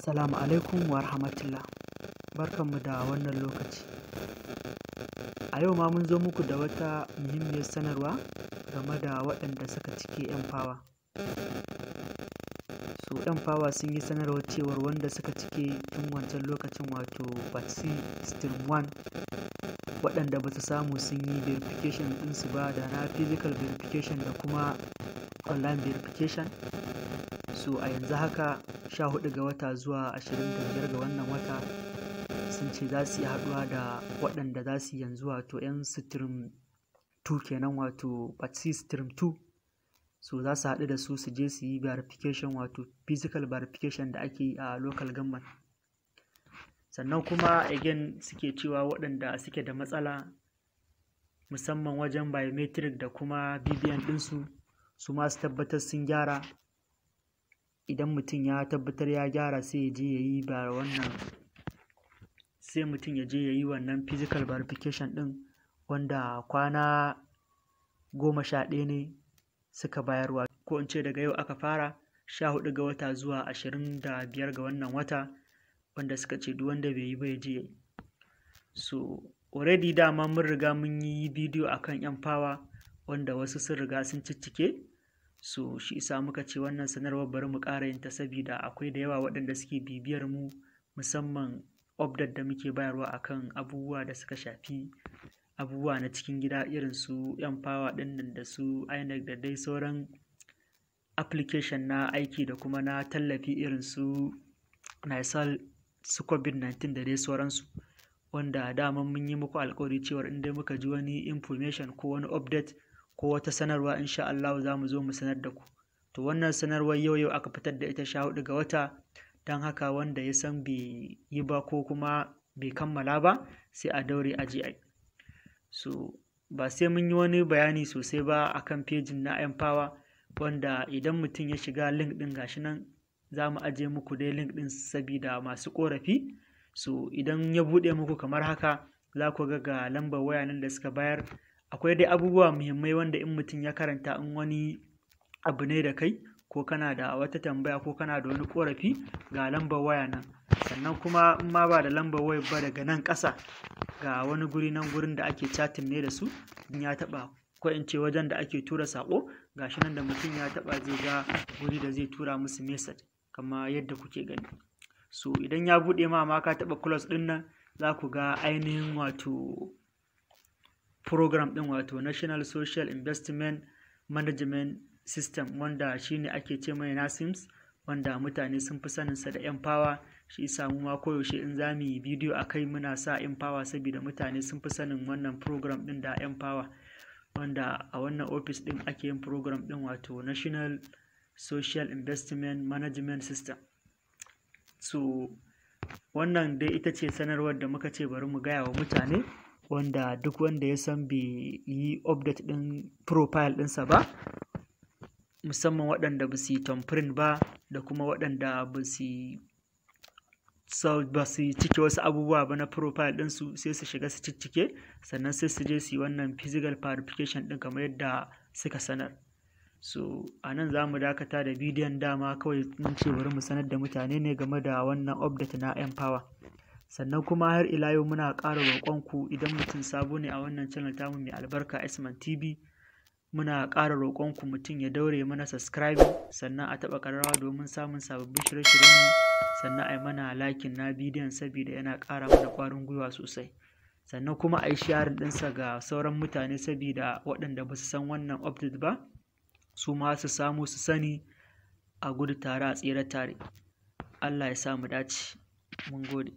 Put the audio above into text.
Salamu alaikum wa rahmatullah. Barkanmu da wannan lokaci. A yau ma mun zo muku da wata muhimmiyar sanarwa game da waɗanda suka cike 'yan fawa. Su fawa sun yi sanarwar cewar wanda suka cike tun wancan lokacin wato vaccine stream 1 waɗanda ba su samu sun yi verification su ba da na physical verification da kuma online verification so a yanzu haka sha hudu ga wata zuwa ashirin biyar ga wannan wata sun ce za su yi haduwa da waɗanda za su yanzu wato 'yan stream 2 kenan wato patsi stream 2 so za su haɗu da su su je su yi verification wato physical verification da ake yi a local government sannan kuma again suke cewa waɗanda suke da matsala musamman wajen biometric da kuma bbn ɗinsu su masu tabbatar sun gyara idan mutum ya tabbatar ya gyara sai ya je ya yi ba wannan sai mutum ya je ya yi wannan physical verification ɗin wanda kwana goma sha ɗaya ne suka bayarwa ko in ce daga yau aka fara sha hudu ga wata zuwa ashirin da biyar ga wannan wata wanda suka ce duk wanda bai yi ba ya je ya yi so already dama mun riga mun yi bidiyo akan yan fawa wanda wasu sun riga sun ciccike so shi isa muka ce wannan sanarwar bari mu ƙara yin ta saboda akwai da yawa waɗanda suke bibiyar mu musamman update da muke bayarwa akan abubuwa da suka shafi abubuwa na cikin gida irin su yan fawa ɗin da su inec da dai sauran application na aiki da kuma na tallafi irin su nisal su covid-19 da dai sauransu wanda daman mun yi muku alkawari cewar in dai muka ji wani information ko wani update ko wata sanarwa insha Allah za mu zo mu sanar da ku to wannan sanarwar yau yau aka fitar da ita sha hudu ga wata don haka wanda ya san bai yi ba ko kuma bai kammala ba sai a daure a ji'ai so ba sai mun yi wani bayani sosai ba akan fejin na empower wanda idan mutum ya shiga link din gashi nan za mu aje muku dai link din sabida masu korafi so idan ya buɗe muku kamar haka za ku ga ga lambar waya nan da suka bayar akwai dai abubuwa muhimmai wanda in mutum ya karanta in wani abu ne da kai ko kana da wata tambaya ko kana da wani korafi ga lambar waya nan sannan kuma in ma ba da lambar waya ba daga nan ƙasa ga wani guri nan gurin da ake catin ne da su in ya taɓa ko in ce wajen da ake tura saƙo gashi nan da mutum ya taba zai ga guri da zai tura musu message kama yadda kuke gani so idan ya buɗe ma ma ka taɓa close ɗin nan za ku ga ainihin wato program ɗin wato national social investment management system wanda shine ake ce mai nasims wanda mutane sun fi saninsa da empower shi samu ma koyaushe in za mu yi bidiyo a kai muna sa empower saboda mutane sun fi sanin wannan program ɗin da empower wanda a wannan ofis ɗin ake yin program ɗin wato national social investment management system so wannan dai ita ce sanarwar da muka ce bari mu gaya wa mutane wanda duk wanda ya san bai yi update ɗin profile dinsa ba musamman waɗanda ba su yi print ba da kuma waɗanda ba su ba su cike wasu abubuwa ba na profile ɗinsu sai su shiga su ciccike sannan sai su je su yi wannan physical verification ɗin kamar yadda suka sanar so a nan za mu dakata da bidiyon dama kawai mun ce bari mu sanar da mutane ne game da wannan update na empower sannan kuma har ila yau muna ƙara roƙonku idan mutum sabo ne a wannan channel tamu mai albarka Isman TV muna ƙara roƙonku mutum ya daure mana subscribe sannan a taɓa ƙararrawa domin samun sababbin shirye-shiryenmu sannan a yi mana lakin na bidiyon saboda yana ƙara mana ƙwarin gwiwa sosai sannan kuma a yi sharing ɗinsa ga sauran mutane saboda waɗanda ba su san wannan update ba su ma su samu su sani a gudu tare a tsere tare Allah ya sa mu dace mun gode